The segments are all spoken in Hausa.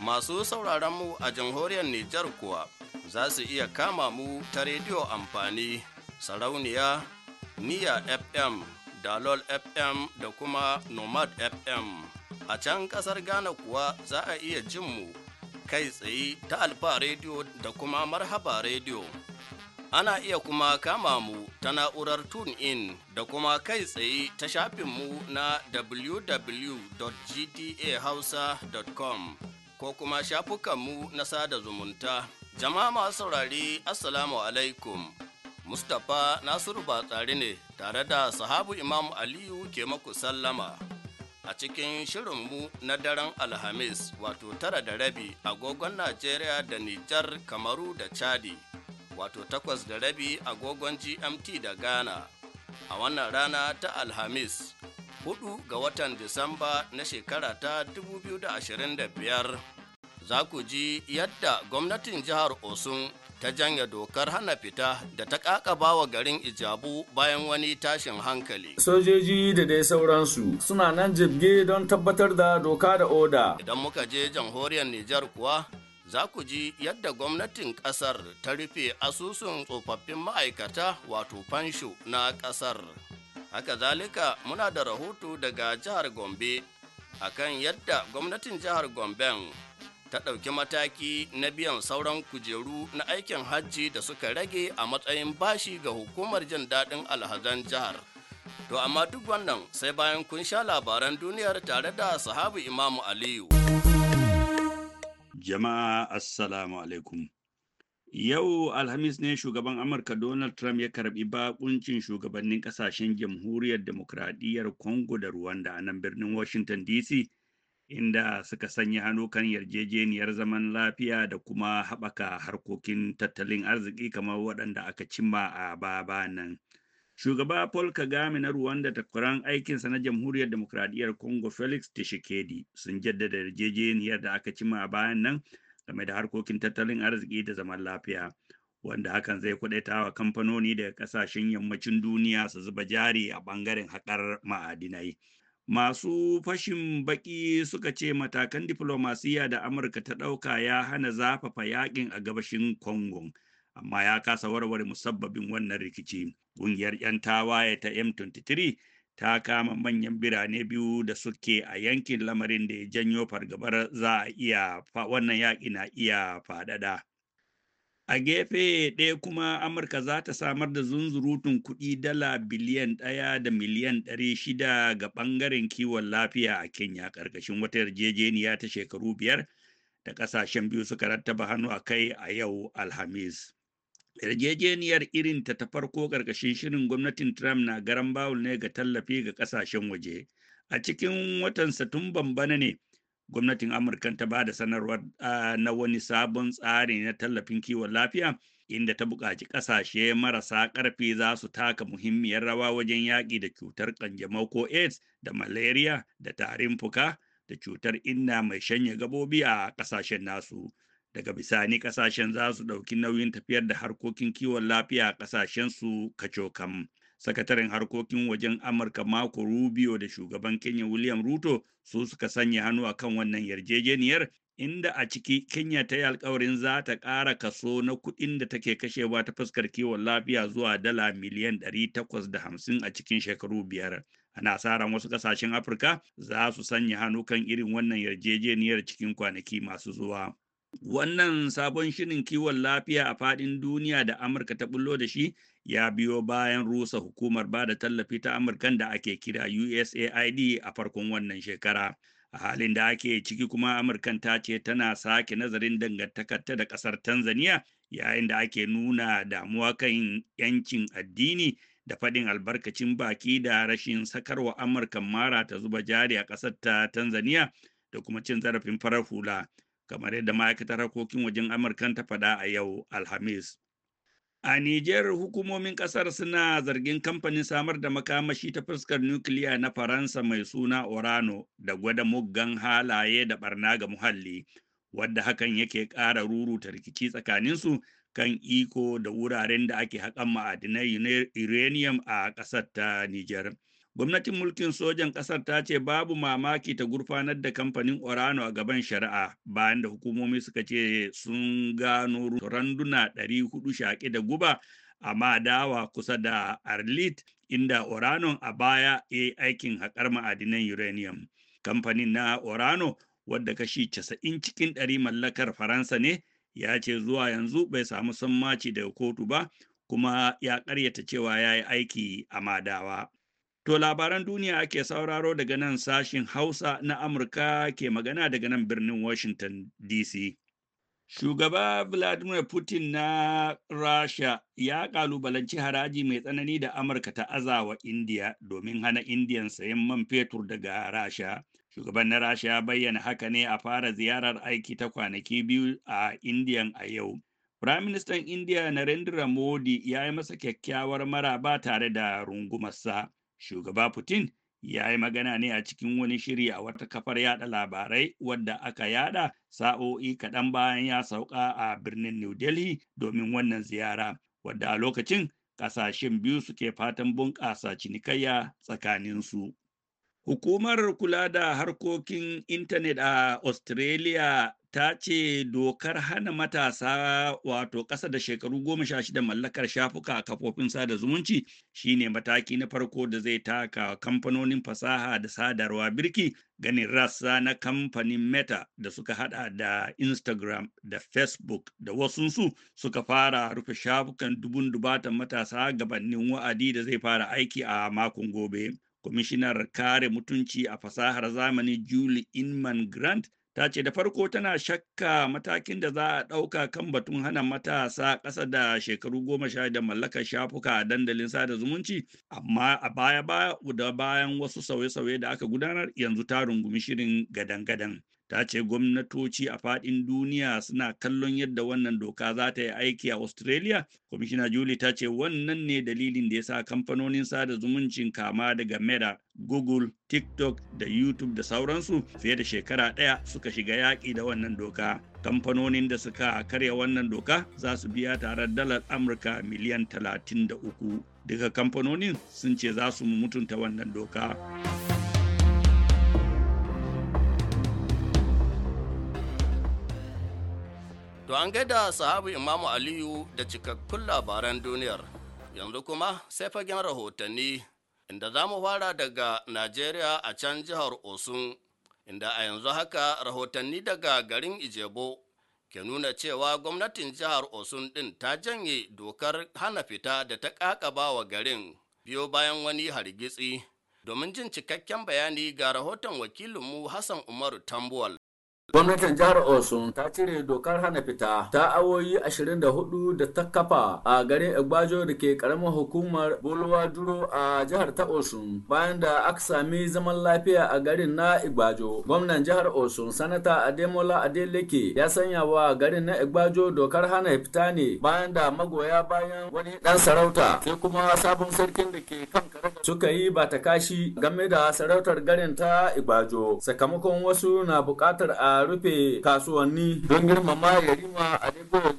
masu sauraron mu a jamhuriyar Nijar kuwa za su iya kama mu ta rediyo amfani sarauniya niya fm dalol fm da kuma nomad fm a can kasar ghana kuwa za a iya jin mu kai tsaye ta alfa rediyo da kuma marhaba rediyo ana iya kuma kama mu ta na'urar in da kuma kai tsaye ta shafinmu na www.gtahausa.com ko kuma shafukanmu na sada zumunta. Jama'a masu saurari Assalamu alaikum. Mustapha Nasiru Batsari ne tare da sahabu Imam Aliyu ke maku sallama. A cikin shirinmu na daren Alhamis wato tara da rabi agogon Najeriya da Nijar Kamaru da Chadi wato takwas da rabi agogon GMT da Ghana a wannan rana ta Alhamis 4 ga watan Disamba na shekara ta 2025 za ku ji yadda gwamnatin jihar Osun ta janya dokar hana fita da ta kakaba wa garin Ijabu bayan wani tashin hankali. Sojoji da dai sauransu suna nan jibge don tabbatar da doka da oda. Idan muka je jamhuriyar Nijar kuwa za ku ji yadda gwamnatin ƙasar ta rufe asusun tsofaffin ma'aikata wato fansho na ƙasar. haka zalika muna da rahoto daga jihar gombe akan yadda gwamnatin jihar gomben ta ɗauki mataki na biyan sauran kujeru na aikin hajji da suka rage a matsayin bashi ga hukumar jin daɗin alhazan jihar to amma duk wannan sai bayan kun sha labaran duniyar tare da sahabu imamu aliyu jama'a assalamu alaikum Yau Alhamis ne shugaban Amurka Donald Trump ya karbi bakuncin shugabannin kasashen jamhuriyar demokradiyyar Congo da Rwanda a nan birnin Washington DC inda suka sanya hannu kan yarjejeniyar zaman lafiya da kuma haɓaka harkokin tattalin arziki kamar waɗanda aka cimma a baba nan. Shugaba Paul Kagame na Rwanda takwaran aikinsa na jamhuriyar demokradiyyar Congo Felix Tshisekedi sun jaddada yarjejeniyar da aka cimma a bayan nan. game da harkokin tattalin arziki da zaman lafiya wanda hakan zai wa kamfanoni daga kasashen yammacin duniya su zuba jari a bangaren haƙar ma'adinai. Masu fashin baki suka ce matakan diflomasiya da Amurka ta ɗauka ya hana zafafa yaƙin a gabashin Congo, amma ya kasa warware musabbabin wannan rikici. Ƙungiyar 'yan tawaye ta M23 ta kama manyan birane biyu da suke a yankin lamarin da ya janyo fargabar za a iya wannan yaƙi na iya faɗaɗa. A gefe ɗaya kuma Amurka za ta samar da zunzurutun kuɗi dala biliyan ɗaya da miliyan ɗari shida ga ɓangaren kiwon lafiya a Kenya ƙarƙashin wata yarjejeniya ta shekaru biyar da ƙasashen biyu suka rattaba hannu a kai a yau Alhamis. yarjejeniyar irin ta ta farko ƙarƙashin shirin gwamnatin trump na garan bawul ne ga tallafi ga ƙasashen waje a cikin watan satumban bana ne gwamnatin amurka ta ba da sanarwar na wani sabon tsari na tallafin kiwon lafiya inda ta buƙaci ƙasashe marasa ƙarfi za su taka muhimmiyar rawa wajen yaƙi da cutar ƙanjamau ko aids da malaria da tarin fuka da cutar inna mai shanya gabobi a ƙasashen nasu daga bisani kasashen za su ɗauki nauyin tafiyar da harkokin kiwon lafiya a su kacokam. sakataren harkokin wajen amurka marco rubio da shugaban kenya william ruto su suka sanya hannu a kan wannan yarjejeniyar inda a ciki kenya ta yi alkawarin za ta ƙara kaso na kuɗin da take kashewa ta fuskar kiwon lafiya zuwa dala miliyan 850 a cikin shekaru biyar ana sa wasu ƙasashen afirka za su sanya hannu kan irin wannan yarjejeniyar cikin kwanaki masu zuwa Wannan sabon shirin kiwon lafiya a faɗin duniya da Amurka ta bullo da shi ya biyo bayan rusa hukumar ba da tallafi ta Amurkan da ake kira USAID a farkon wannan shekara. A halin da ake ciki kuma amurka ta ce tana sake nazarin dangantakarta da ƙasar Tanzania yayin da ake nuna damuwa kan yancin addini da faɗin albarkacin baki da rashin sakarwa Amurkan mara ta zuba jari a ƙasar ta Tanzania da kuma cin zarafin farar hula. kamar yadda ma'aikatar harkokin wajen amurkan ta faɗa a yau alhamis a nijar hukumomin ƙasar suna zargin kamfanin samar da makamashi ta fuskar nukiliya na faransa mai suna orano da gwada muggan halaye da barna ga muhalli wadda hakan yake ƙara ruruta rikici tsakaninsu kan iko da wuraren da ake haƙan ma'adinai uranium a ƙasar ta Nijar. Gwamnatin mulkin sojan ƙasar ta ce babu mamaki ta gurfanar da kamfanin Orano a gaban shari'a bayan da hukumomi suka ce sun gano randuna 400 shaƙi da guba a Madawa kusa da Arlit inda Orano a baya ya yi aikin haƙar ma'adinan uranium. Kamfanin na Orano wadda kashi 90 cikin ɗari mallakar Faransa ne ya ce zuwa yanzu bai samu sammaci daga kotu ba kuma ya karyata cewa ya yi aiki a Madawa. To labaran duniya ake sauraro daga nan sashin Hausa na Amurka ke magana daga nan birnin Washington DC. Shugaba Vladimir Putin na Rasha ya kalubalanci haraji mai tsanani da Amurka ta azawa India domin hana Indiyan sayan man fetur daga Rasha. Shugaban na Rasha ya bayyana haka ne a fara ziyarar aiki ta kwanaki biyu a Indiyan a yau. Firaministan Indiya Narendra Modi ya yi masa kyakkyawar maraba tare da rungumarsa. Shugaba Putin ya yi magana ne a cikin wani shiri a wata kafar yada labarai wadda aka yada sa'o'i kaɗan bayan ya sauka a birnin New Delhi domin wannan ziyara, wadda a lokacin ƙasashen biyu suke fatan bunƙasa cinikayya tsakaninsu. Hukumar kula da harkokin intanet a Australia ta ce dokar hana matasa wato ƙasa da shekaru goma sha shida mallakar shafuka a kafofin sada zumunci shine mataki na farko da zai taka kamfanonin fasaha da sadarwa birki ganin rasa na kamfanin meta da suka hada da instagram da facebook da wasunsu suka fara rufe shafukan dubun dubatan matasa gabanin wa'adi da zai fara aiki a makon gobe kwamishinar kare mutunci a fasahar zamani julie inman grant ta ce da farko tana shakka matakin da za a ɗauka kan batun hana matasa ƙasa da shekaru goma sha da mallakar shafuka a dandalin sada zumunci amma a baya baya da bayan wasu sauye-sauye da aka gudanar yanzu ta rungumi shirin gadan-gadan ta ce gwamnatoci a faɗin duniya suna kallon yadda wannan doka za ta yi aiki a australia kwamishina julie ta ce wannan ne dalilin da ya sa kamfanonin sada zumuncin kama daga meta google tiktok da youtube da sauransu fiye da shekara ɗaya suka shiga yaƙi da wannan doka kamfanonin da suka karya wannan doka za su biya tare dalar amurka miliyan 33 duka kamfanonin sun ce za su mutunta wannan doka. To an gaida sahabu Imamu Aliyu da cikakkun labaran duniyar. Yanzu kuma sai fagen rahotanni inda za mu fara daga Najeriya a can jihar Osun, inda a yanzu haka rahotanni daga garin Ijebo ke nuna cewa gwamnatin jihar Osun ɗin ta janye dokar hana fita da ta ƙaƙaba wa garin biyo bayan wani hargitsi. Domin jin cikakken bayani ga rahoton wakilinmu Hassan Umaru Tambuwal. Gwamnatin jihar Osun ta cire dokar hana fita ta awoyi 24 da ta kafa a garin Egbajo da ke karamar hukumar Bolowa Duro a jihar ta Osun bayan da aka sami zaman lafiya a garin na Egbajo. Gwamnan jihar Osun sanata Ademola Adeleke ya sanya wa garin na Egbajo dokar hana fita ne bayan da magoya bayan wani dan sarauta sai kuma sabon sarkin da ke kan suka yi ba ta kashi game da sarautar garin ta Egbajo sakamakon wasu na bukatar a rufe kasuwanni don girmama yarima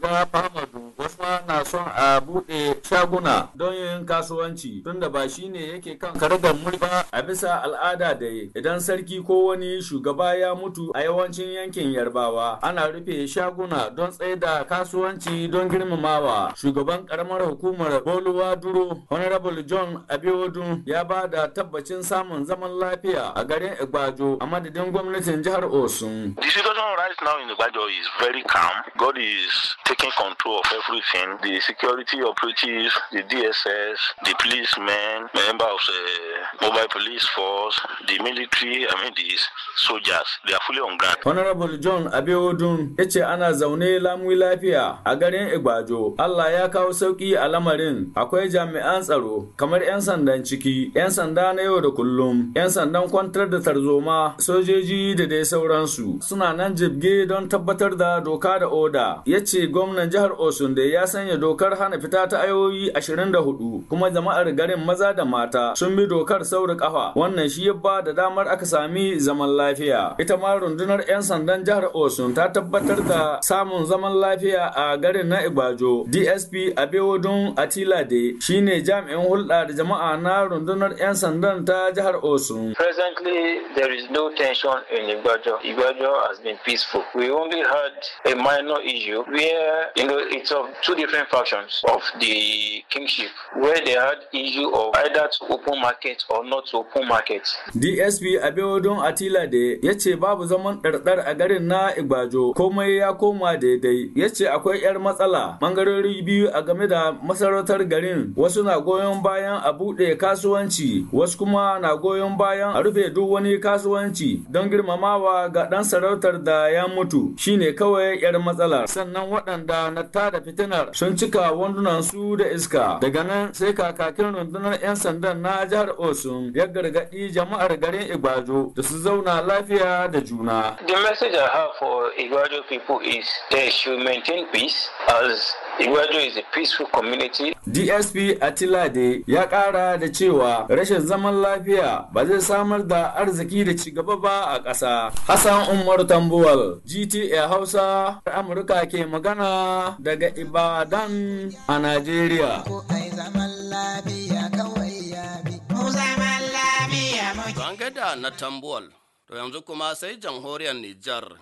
ga famadu wasu ma na son a buɗe shaguna don yin kasuwanci tunda ba shi ne yake kan karagar mulki ba a bisa al'ada da idan sarki ko wani shugaba ya mutu a yawancin yankin yarbawa ana rufe shaguna don tsaida kasuwanci don girmamawa shugaban karamar hukumar boluwa duro honorable john abiodun ya ba da tabbacin samun zaman lafiya a garin igbajo a madadin gwamnatin jihar osun situation right now in Ibadan is very calm. God is taking control of everything. The security operatives, the DSS, the policemen, member of the mobile police force, the military, I mean the soldiers, they are fully on guard. Honorable John Abiodun Eche ana zaune lamun lafiya a garin Igbajo. Allah ya kawo sauki a lamarin. Akwai jami'an tsaro kamar 'yan sandan ciki, 'yan sanda na yau da kullum, 'yan sandan kwantar da tarzoma, sojoji da dai sauransu. Suna suna nan jibge don tabbatar da doka da oda ya ce gwamnan jihar osun da ya sanya dokar hana fita ta ayoyi 24 kuma jama'ar garin maza da mata sun bi dokar sauri kafa wannan shi ya ba da damar aka sami zaman lafiya ita ma rundunar 'yan sandan jihar osun ta tabbatar da samun zaman lafiya a garin na ibajo dsp abewodun atilade shine jami'in hulɗa da jama'a na rundunar 'yan sandan ta jihar osun presently there is no tension in has been peaceful. We only had a minor issue where, you know, it's of two different factions of the kingship, where they had issue of either to open market or not to open market. DSP Abiodun Atila de yace babu zaman ɗarɗar a garin na Igbajo komai ya koma daidai yace akwai 'yar matsala ɓangarori biyu a game da masarautar garin wasu na goyon bayan a buɗe kasuwanci wasu kuma na goyon bayan a rufe duk wani kasuwanci don girmamawa ga ɗan sarauta motar da ya mutu shine kawai yar matsalar sannan waɗanda na tada fitinar sun cika wandunan su da iska daga nan sai kakakin rundunar 'yan sandan na jihar osun ya gargaɗi jama'ar garin igbajo da su zauna lafiya da juna the message i have for igbajo people is they should maintain peace as Iwajo is a peaceful community. DSP Atilade ya ƙara da cewa rashin zaman lafiya ba zai samar da arziki da cigaba ba a ƙasa. Hassan Umar Tambuwal, GTA Hausa, Amurka ke magana daga Ibadan a Najeriya. An na Tambuwal, to yanzu kuma sai jamhuriyar Nijar.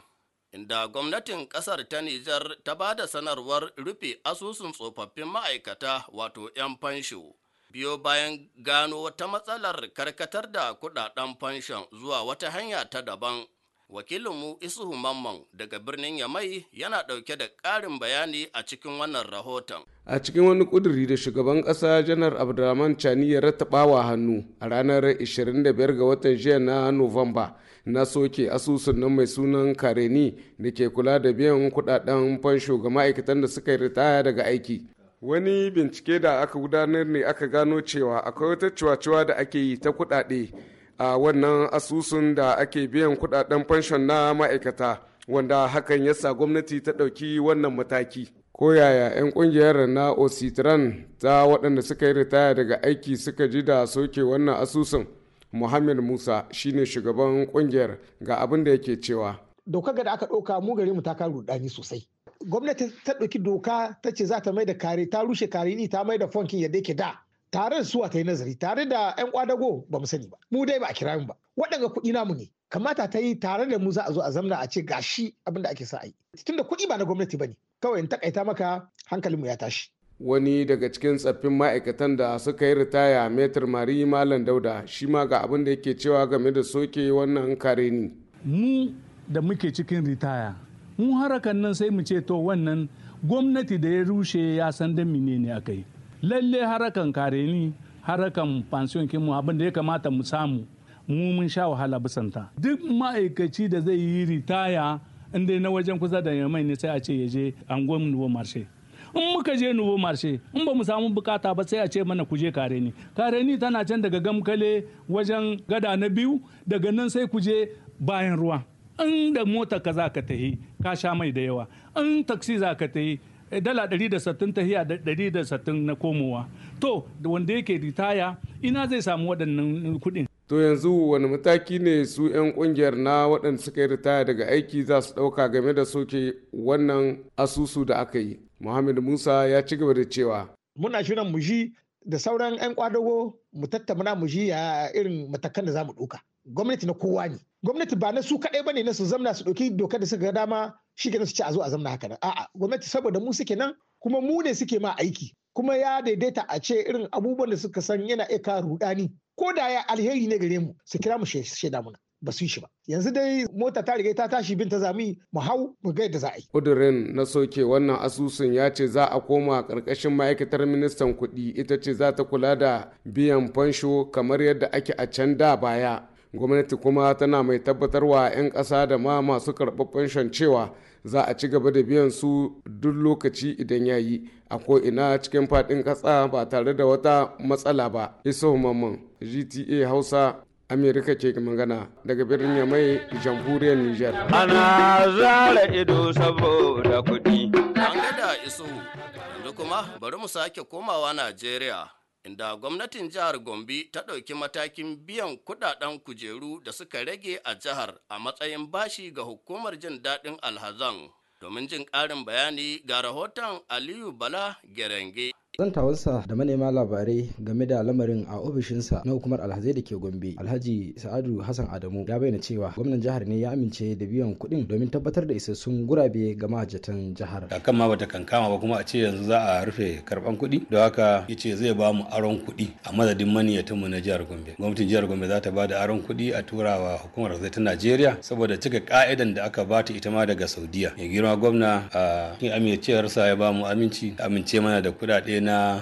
inda gwamnatin kasar ta Nijar ta ba da sanarwar rufe asusun tsofaffin ma'aikata wato 'yan fansho. Biyo bayan gano wata matsalar karkatar da kudaden fanshon zuwa wata hanya ta daban. Wakilinmu Isuhu Mamman daga birnin Yamai yana ɗauke da ƙarin bayani a cikin wannan rahoton. A cikin wani ƙuduri da shugaban ƙasa Janar Abdulrahman Chani ya wa hannu a ranar 25 ga watan jiya na Nuwamba. na soke asusun na mai sunan kareni da ke kula da biyan kudaden fansho ga ma'aikatan da suka yi ritaya daga aiki wani bincike da aka gudanar ne aka gano cewa akwai wata ciwaciwa da ake yi ta kudade a wannan asusun da ake biyan kudaden fanshon na ma'aikata wanda hakan yasa gwamnati ta ɗauki wannan mataki ko yaya 'yan kungiyar na ositran ta waɗanda suka yi ritaya daga aiki suka ji da soke wannan asusun Muhammad Musa shine shugaban kungiyar ga abin da yake cewa. Doka ga da aka ɗauka mu gare mu ta karu rudani sosai. Gwamnati ta ɗauki doka ta ce za ta mai da kare ta rushe kare ni ta mai da fonkin yadda yake da. Tare da suwa ta yi nazari tare da 'yan kwadago ba mu sani ba. Mu dai ba a kira mu ba. Waɗanga kuɗi namu ne. Kamata ta yi tare da mu za a zo a zamna a ce gashi abin da ake sa a yi. Tunda kuɗi ba na gwamnati ba ne. Kawai in takaita maka hankalinmu ya tashi. wani daga cikin tsaffin ma'aikatan da suka yi ritaya metar mari malam dauda shi ma ga abin da yake cewa game da soke wannan kare ni mu da muke cikin ritaya mu harakan nan sai mu ce to wannan gwamnati da ya rushe ya san da ne aka yi lalle harakan kare ni harakan pansiyon mu abin da ya kamata mu samu mu mun sha wahala bisanta duk ma'aikaci da zai yi ritaya inda na wajen kusa da yamai ne sai a ce ya je wa marshe in muka je nubo marshe in ba mu samu bukata ba sai a ce mana kuje kare ni kare ni tana can daga gamkale wajen gada na biyu daga nan sai kuje bayan ruwa in da mota ka za ka tahi ka sha mai da yawa in taksi za ka tahi dala 160 dari da 160 na komowa to wanda yake ritaya ina zai samu waɗannan kuɗin to yanzu wani mataki ne su 'yan kungiyar na waɗanda suka yi ritaya daga aiki za su ɗauka game da soke wannan asusu da aka yi Muhammad Musa ya ci gaba da cewa. Muna shirin mu ji da sauran 'yan kwadago mu tattauna mu ji a irin matakan da za mu ɗauka. Gwamnati na kowa ne. Gwamnati ba na su kaɗai ba ne na su zamna su ɗauki doka da suka ga dama shi kenan su ci a zo a zamna haka nan. A'a gwamnati saboda mu suke nan kuma mu ne suke ma aiki. Kuma ya daidaita a ce irin abubuwan da suka san yana iya ka rudani. Ko da ya alheri ne gare mu su kira mu shaida muna. ba su shi ba yanzu dai mota ta riga ta tashi bin ta zami mu hau mu ga yadda za a yi ƙudurin na soke wannan asusun ya ce za a koma ƙarƙashin ma'aikatar ministan kuɗi ita ce za ta kula da biyan fansho kamar yadda ake a can da baya gwamnati kuma tana mai tabbatarwa 'yan ƙasa da ma masu karɓar fanshon cewa za a ci gaba da biyan su duk lokaci idan ya yi a ko'ina cikin faɗin ƙasa ba tare da wata matsala ba iso mamman gta hausa Amerika ce magana daga birnin mai jamhuriyar niger. Ana zara ido saboda kuɗi. An gada iso, yanzu kuma bari mu sake komawa nigeria Inda gwamnatin jihar Gombe ta ɗauki matakin biyan kuɗaɗen kujeru da suka rage a jihar a matsayin bashi ga hukumar jin daɗin alhazan. Domin jin ƙarin bayani ga rahoton Aliyu Bala Gerenge. Zan tawarsa da manema labarai game da lamarin a ofishinsa na hukumar alhazai da ke gombe alhaji sa'adu hassan adamu ya bayyana cewa gwamnan jihar ne ya amince da biyan kuɗin domin tabbatar da isassun gurabe ga mahajjatan jihar kan ma bata kankama ba kuma a ce yanzu za a rufe karban kuɗi don haka ce zai ba mu aron kuɗi a madadin mu na jihar gombe gwamnatin jihar gombe za ta ba da aron kuɗi a turawa hukumar alhazai ta najeriya saboda cika ka'idan da aka bata ita ma daga saudiya mai girma gwamna a amincewarsa ya ba mu aminci amince mana da kuɗaɗe na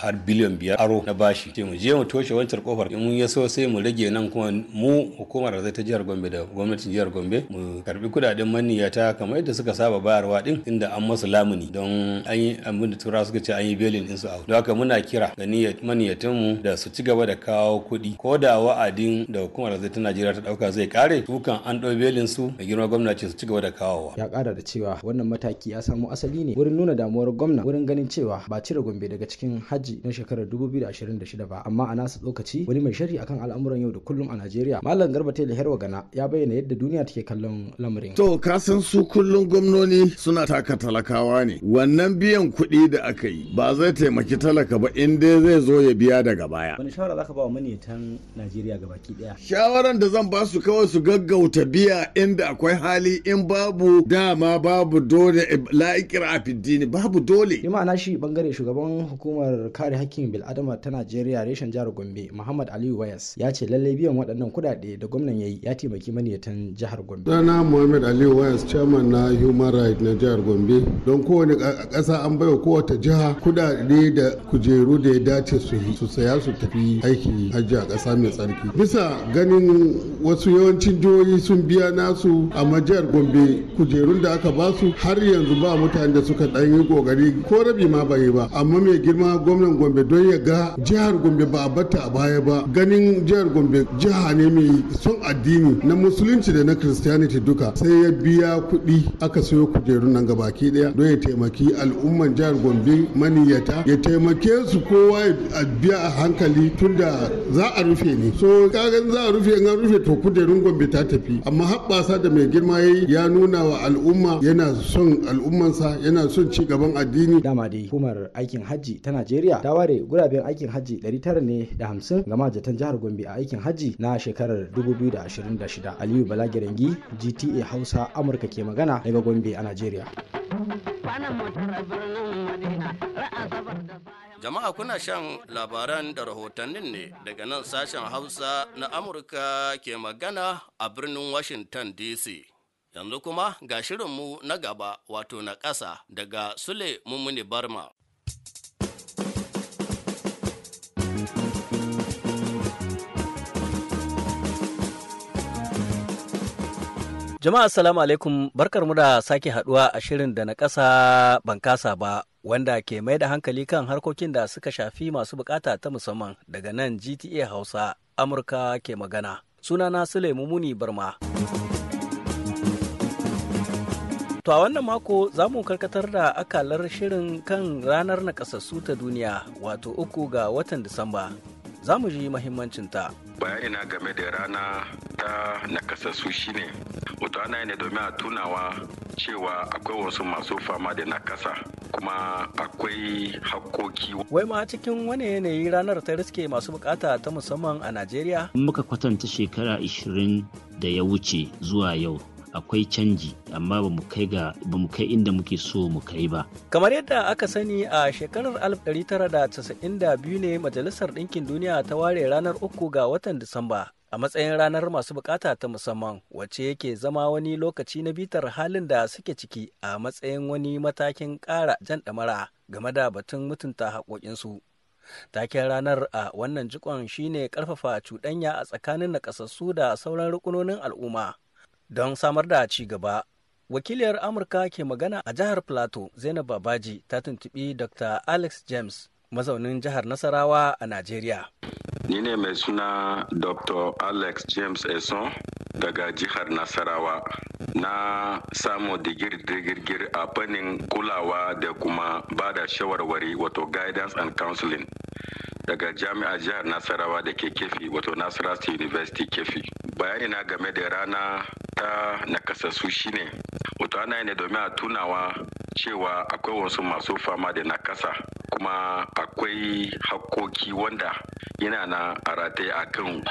har biliyan biyar aro na bashi ce mu je mu toshe wancan kofar in mun ya so sai mu rage nan kuma mu hukumar zai ta jihar Gombe da gwamnatin jihar Gombe mu karbi kudaden maniyata kamar yadda suka saba bayarwa din inda an masu lamuni don an yi abin da turawa suka ce an yi belin din su a don haka muna kira ga maniyatan mu da su ci gaba da kawo kuɗi ko da wa'adin da hukumar zai ta Najeriya ta dauka zai kare dukan an ɗau belin su da girma gwamna ce su ci gaba da kawowa ya kara da cewa wannan mataki ya samo asali ne wurin nuna damuwar gwamna wurin ganin cewa ba cire gwamnati gombe daga cikin hajji na shekarar 2026 ba amma a nasa lokaci wani mai shari akan al'amuran yau da kullum a najeriya malam garba tele herwa gana ya bayyana yadda duniya take kallon lamarin to ka san su kullum gwamnoni suna taka talakawa ne wannan biyan kuɗi da aka yi ba zai taimaki talaka ba in dai zai zo ya biya daga baya wani shawara zaka ba wa maniyatan najeriya gabaki daya shawaran da zan ba su kawai su gaggauta biya inda akwai hali in babu dama babu dole la'ikira a babu dole ni na shi bangare shugaban shugaban hukumar kare hakkin bil'adama ta najeriya reshen jihar gombe muhammad aliyu wayas ya ce lallai biyan waɗannan kuɗaɗe da gwamnan ya yi ya taimaki maniyatan jihar gombe sunana muhammad aliyu wayas chairman na human rights na jihar gombe don kowane ƙasa an baiwa kowace jiha kuɗaɗe da kujeru da ya dace su yi su saya su tafi aiki hajji a ƙasa mai tsarki bisa ganin wasu yawancin jihohi sun biya nasu amma jihar gombe kujerun da aka basu har yanzu ba mutane da suka ɗan yi ƙoƙari ko rabi ma bai yi ba amma kuma mai girma gwamnan gombe don ya ga jihar gombe ba a bata a baya ba ganin jihar gombe jiha ne mai son addini na musulunci da na christianity duka sai ya biya kuɗi aka sayo kujeru nan gabaki daya don ya taimaki al'umman jihar gombe maniyata ya taimake su kowa a biya a hankali tunda za a rufe ne so kagan za a rufe nga rufe to kujerun gombe ta tafi amma haɓɓasa da mai girma ya yi ya nuna wa al'umma yana son al'ummansa yana son ci gaban addini dama dai aikin hajji ta Najeriya ta ware guraben aikin hajji 950 ne da ga majatan jihar Gombe a aikin hajji na shekarar 2026. Aliyu bala Balagirangi GTA Hausa Amurka ke magana daga Gombe a Najeriya. Jama'a kuna shan labaran da rahotannin ne daga nan sashen Hausa na Amurka ke magana a birnin Washington DC. Yanzu kuma ga shirinmu na gaba wato na ƙasa daga Sule Mummuni Barma. Jama'a assalamu alaikum barkar mu da sake haduwa a shirin da na kasa ban ba wanda ke mai da hankali kan harkokin da suka shafi masu bukata ta musamman daga nan GTA Hausa Amurka ke magana. Sunana Sulaimu Muni Barma. To a wannan mako za mu karkatar da akalar shirin kan ranar naƙasassu ta duniya wato uku ga watan Disamba. za mu ji ta Bayani na game da rana ta nakasassu shine wato ana ne domin a tunawa cewa akwai wasu masu fama da nakasa kuma akwai hakoki. Wai ma cikin wani yanayi ranar ta riske masu bukata ta musamman a Najeriya? Muka kwatanta shekara 20 da ya wuce zuwa yau akwai canji amma ba mu kai inda muke so mu kai ba kamar yadda aka sani a shekarar 1992 ne majalisar ɗinkin duniya ta ware ranar uku ga watan disamba a matsayin ranar masu bukata ta musamman wacce yake zama wani lokaci na bitar halin da suke ciki a matsayin wani matakin ƙara jan ɗamara game da batun mutunta haƙoƙinsu. Taken ranar a wannan jikon shine ƙarfafa cuɗanya a tsakanin nakasassu da sauran rukunonin al'umma. don samar da ci gaba wakiliyar amurka ke magana a jihar plateau zainab babaji ta tuntubi dr alex james mazaunin jihar nasarawa a najeriya ni ne mai suna dr alex james eson daga jihar Nasarawa. Na samu digir digir a fannin kulawa da kuma ba da shawarwari wato guidance and counseling daga jami'a jihar Nasarawa da ke kefi wato Nasarawa State University kefi. Bayani na game da rana ta nakasassu shine wato ana ne domin a tunawa cewa akwai wasu masu fama da nakasa kuma akwai hakkoki wanda yana na a rataye a kan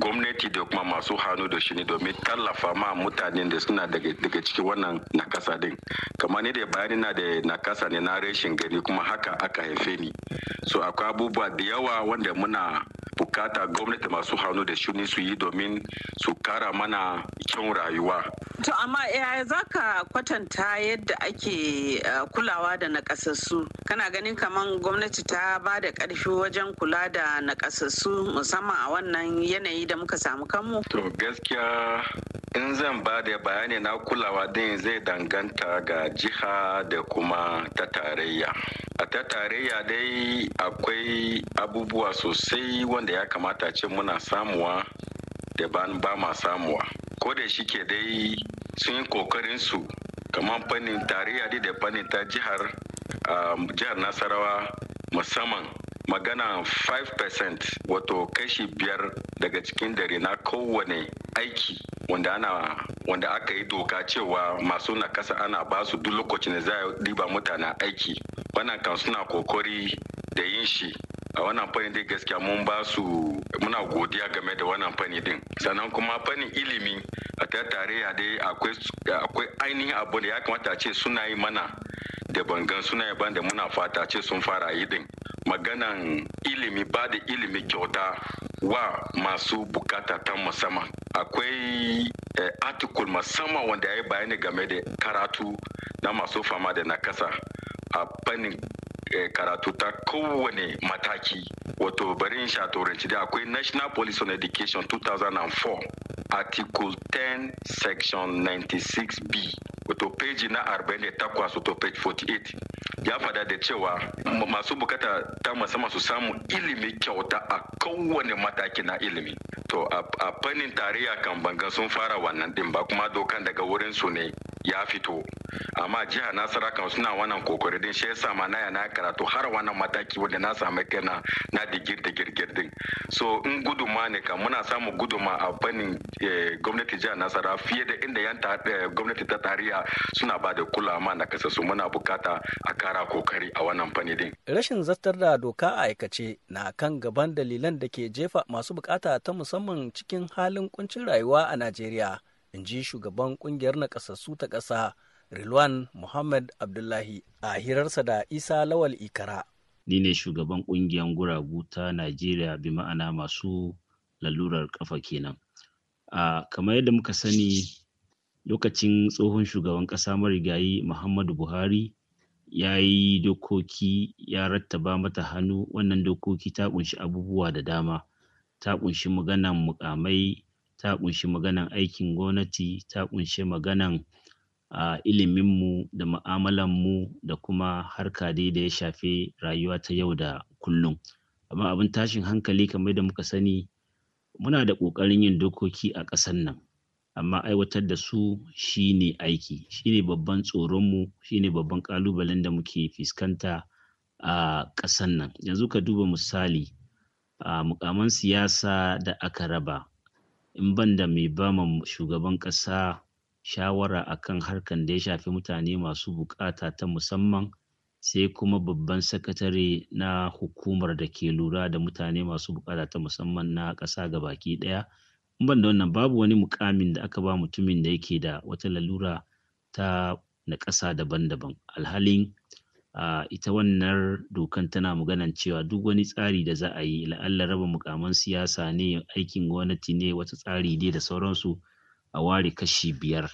gwamnati da kuma masu hannu da shi ne domin tallafa ma mutanen da suna daga cikin wannan nakasa din kamar ni da bayani na da nakasa ne na rashin gani kuma haka aka haife ni so akwai abubuwa da yawa wanda muna bukata gwamnati masu hannu da ne su yi domin su kara mana kyan rayuwa To amma yaya za ka kwatanta yadda ake eh, kulawa da nakasassu? Kana ganin kamar gwamnati ta ba da ƙarfi wajen kula da nakasassu musamman a wannan yanayi da muka samu kanmu? To gaskiya in zan ba da bayani na kulawa din zai danganta ga jiha da kuma ta tarayya. A ta tarayya dai akwai abubuwa sosai wanda ya kamata ce muna samuwa da ba ma samuwa ko da shi ke dai sun yi kokarin su kamar fannin tarayya da fannin ta jihar ah, jihar nasarawa musamman magana 5% wato kashi biyar daga cikin dare na kowane aiki wanda ana wanda aka yi doka cewa masu nakasa ana ba su duk lokacin da za a riba mutane aiki wannan kan suna kokori da yin shi a wannan fani din gaskiya mun ba su muna godiya game da wannan fanni din sannan kuma fannin ilimi a ta tarayya dai akwai ainihin abu da ya kamata a ce suna yi mana da bangan suna yi da muna fata ce sun fara yi din maganan ilimi ba da ilimi kyauta wa masu bukata ta musamman akwai eh, article musamman wanda ya yi bayani game da karatu na masu fama da nakasa a fannin Eh, karatu ta kowane mataki wato bari in sha turanci da akwai national Police on education 2004 article 10 section 96b wato page na 48 wato page 48 ya fada da cewa masu bukata ta musamman su samu ilimi kyauta a kowane mataki na ilimi to a fannin tarayya kan banga sun fara wannan din ba kuma dokan daga wurin su ne ya fito amma jiha nasara kan suna wannan kokari din shi yasa ma na na karatu har wannan mataki wanda na samu kaina na digir da girgir din so in guduma ne kan muna samu guduma a fannin eh, gwamnati jiha nasara fiye da inda yan eh, gwamnati ta tariya suna ba da kula na kasa su muna bukata a kara kokari a wannan fanni din rashin zartar da doka a aikace na kan gaban dalilan da ke jefa masu bukata ta musamman cikin halin kuncin rayuwa a Najeriya in ji shugaban kungiyar nakasassu ta kasa. Rilwan Muhammad Abdullahi a hirarsa da Isa Lawal Ikara. Ni ne shugaban ƙungiyar guragu ta Najeriya bi ma'ana masu lalurar ƙafa kenan. kamar yadda muka sani lokacin tsohon shugaban ƙasa marigayi Muhammadu Buhari ya yi dokoki ya rattaba mata hannu wannan dokoki ta ƙunshi abubuwa da dama ta kunshi maganan mukamai ta kunshi maganan aikin gwamnati ta ƙunshi maganan a iliminmu da mu'amalanmu da kuma harka dai da ya shafi rayuwa ta yau da kullum amma abin tashin hankali kamar da muka sani muna da ƙoƙarin yin dokoki a ƙasar nan amma aiwatar da su shine aiki shine babban tsoronmu shine babban ƙalubalen da muke fuskanta a ƙasar nan yanzu ka duba misali a mukaman siyasa da aka raba in ban da mai bama shugaban ƙasa shawara a kan harkan da ya shafi mutane masu bukata ta musamman sai kuma babban sakatare na hukumar da ke lura da mutane masu bukata ta musamman na ƙasa ga baki ɗaya ban da wannan babu wani mukamin da aka ba mutumin da yake da wata lalura ta na ƙasa daban-daban alhalin uh, ita wannan dokan tana maganan cewa duk wani tsari da za a yi la'allar raba mukaman siyasa ne aikin gwamnati ne wata tsari ne da sauransu a ware kashi biyar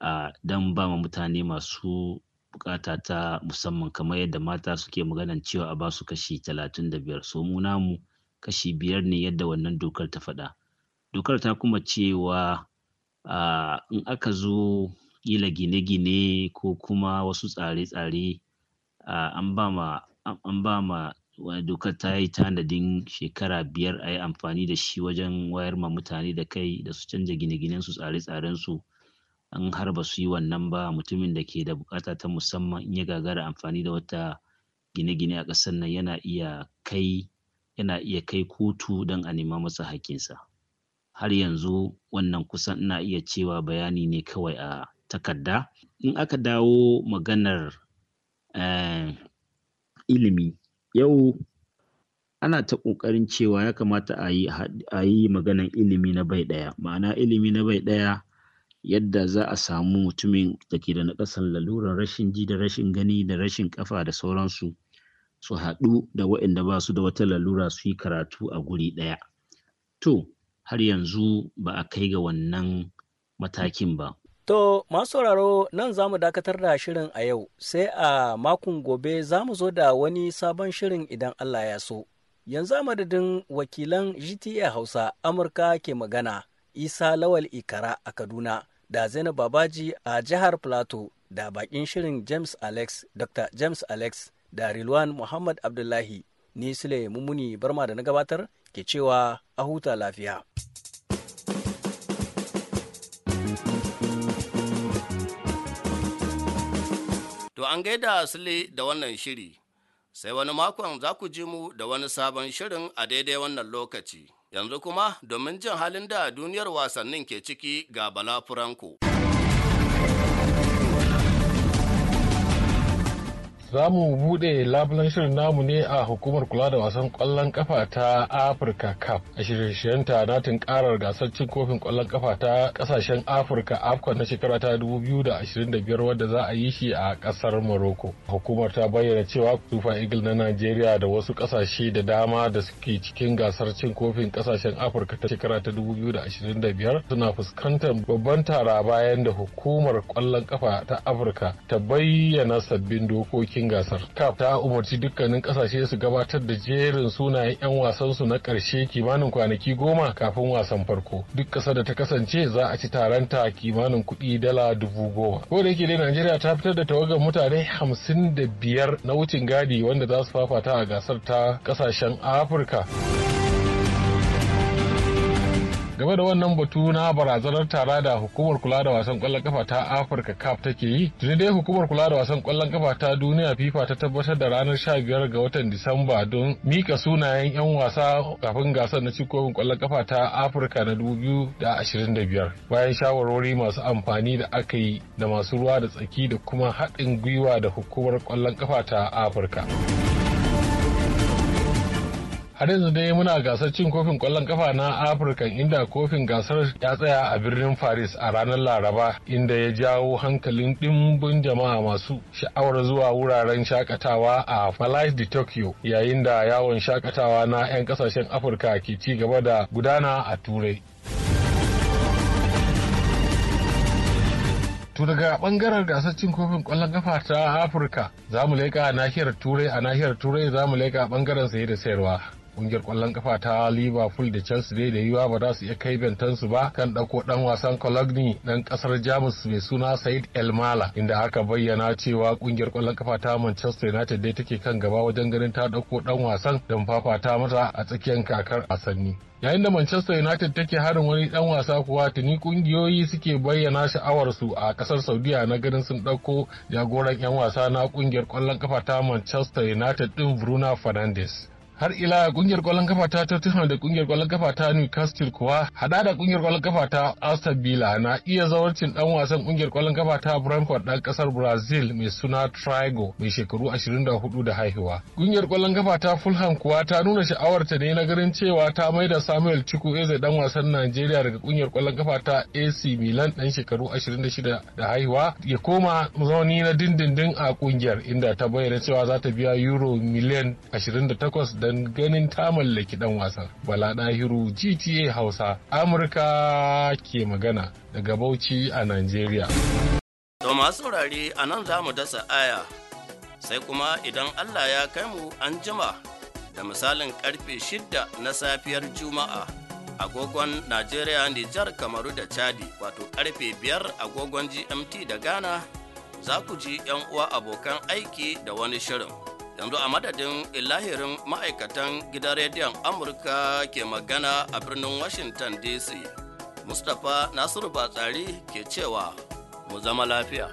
a don ba ma mutane masu bukata ta musamman kamar yadda mata suke maganan cewa a basu kashi talatin da biyar so mu namu kashi biyar ne yadda wannan dokar ta faɗa dokar ta kuma cewa in aka zo yila gine-gine ko kuma wasu tsare-tsare an ba ma dokar ta yi tanadin shekara biyar a yi amfani da shi wajen wayar ma mutane da kai da su canja gine-ginen su tsare-tsaren su an har ba su yi wannan ba mutumin da ke da bukata ta musamman in ya gagara amfani da wata gine-gine a ƙasar nan yana iya kai yana iya kai kotu don a nema masa hakinsa har yanzu wannan kusan ina iya cewa bayani ne kawai a takarda in aka dawo maganar eh, ilimi yau ana ta ƙoƙarin cewa ya kamata a yi maganan ilimi na bai ɗaya ma'ana ilimi na bai ɗaya yadda za a samu mutumin da ke da naƙasar lalurar rashin ji da rashin gani da rashin ƙafa da sauransu su haɗu da waɗanda ba su da wata lalura su yi karatu a guri ɗaya to har yanzu ba a kai ga wannan matakin ba To, masu sauraro nan za mu dakatar da shirin a yau, sai a makon gobe za mu zo da wani sabon shirin idan Allah ya so. Yanzu a madadin wakilan GTA Hausa Amurka ke magana, Isa Lawal Ikara a Kaduna, da Zainab Babaji a jihar Plateau, da bakin shirin James Alex, Dr. James Alex, da Rilwan Muhammad Abdullahi, ni Sule Mumuni Barma da na gabatar ke cewa a huta lafiya. To an gaida asali da wannan shiri, sai wani makon za ku ji mu da wani sabon shirin a daidai wannan lokaci. Yanzu kuma domin jin halin da duniyar wasannin ke ciki ga Bala Franco. za mu buɗe labulan shirin namu ne a hukumar kula da wasan kwallon kafa ta Afirka Cup a shirye ta na karar gasar cin kofin kwallon kafa ta kasashen Afirka AFCON na shekara ta 2025 wadda za a yi shi a ƙasar Morocco. Hukumar ta bayyana cewa tufa Eagle na Nigeria da wasu kasashe da dama da suke cikin gasar cin kofin ƙasashen Afirka ta shekara ta 2025 suna fuskantar babban tara bayan da hukumar ƙwallon kafa ta Afirka ta bayyana sabbin dokokin nau'in gasar. CAF ta umarci dukkanin kasashe su gabatar da jerin sunayen 'yan wasan su na karshe kimanin kwanaki goma kafin wasan farko. Duk ƙasar da ta kasance za a ci taronta kimanin kuɗi dala dubu goma. Ko da yake dai Najeriya ta fitar da tawagar mutane hamsin da biyar na wucin gadi wanda za su fafata a gasar ta ƙasashen Afirka. game da wannan batu na barazanar tara da hukumar kula da wasan kwallon kafa ta afirka cap take yi tuni dai hukumar kula da wasan kwallon kafa ta duniya fifa ta tabbatar da ranar sha biyar ga watan disamba don mika sunayen yan wasa kafin gasar na cikofin kwallon kafa ta afirka na biyar, bayan shawarwari masu amfani da aka yi da masu ruwa da tsaki da kuma haɗin gwiwa da hukumar kwallon kafa ta afirka. har yanzu dai muna gasar cin kofin kwallon kafa na afirka inda kofin gasar ya tsaya a birnin Faris a ranar laraba inda ya jawo hankalin dimbin jama'a masu sha'awar zuwa wuraren shakatawa a Palais de tokyo yayin da yawon shakatawa na 'yan kasashen afirka ke ci gaba da gudana a turai To daga bangaren gasar cin kofin kwallon kafa ta Afirka za mu leƙa nahiyar Turai a nahiyar Turai za mu leƙa bangaren saye da sayarwa. kungiyar kwallon kafa ta liverpool da chelsea dai da yiwa ba za su iya kai bentonsu ba kan ɗauko ɗan wasan cologne dan kasar jamus mai suna said elmala inda aka bayyana cewa kungiyar kwallon kafa ta manchester united dai take kan gaba wajen ganin ta dauko ɗan wasan don fafata mata a tsakiyar kakar wasanni yayin da manchester united take harin wani dan wasa kuwa tuni kungiyoyi suke bayyana sha'awarsu a kasar saudiya na ganin sun ɗauko jagoran 'yan wasa na kungiyar kwallon kafa ta manchester united din bruna fernandes har ila kungiyar kwallon kafa ta Tottenham da kungiyar kwallon kafa ta Newcastle kuwa hada da kungiyar kwallon kafa ta Aston Villa na iya zawarcin dan wasan kungiyar kwallon kafa ta Brentford dan kasar Brazil mai suna Trigo mai shekaru 24 da haihuwa. Kungiyar kwallon kafa ta Fulham kuwa ta nuna sha'awarta ne na garin cewa ta mai da Samuel Chiku Eze dan wasan Najeriya daga kungiyar kwallon kafa ta AC Milan dan shekaru 26 da haihuwa ya koma zauni na dindindin a kungiyar inda ta bayyana cewa za ta biya euro miliyan 28 dan don ganin ta mallaki dan wasan. Bala Dahiru GTA Hausa Amurka ke magana daga Bauchi a Najeriya. To masu saurari a nan za mu dasa aya sai kuma idan Allah ya kai mu an jima da misalin karfe shidda na safiyar Juma'a agogon Najeriya, Nijar, Kamaru da Chadi wato karfe biyar agogon GMT da Ghana za ku ji 'yan uwa abokan aiki da wani shirin. yanzu a madadin lahirin ma'aikatan gidan rediyon amurka ke magana a birnin washington dc mustapha nasiru batsari ke cewa mu zama lafiya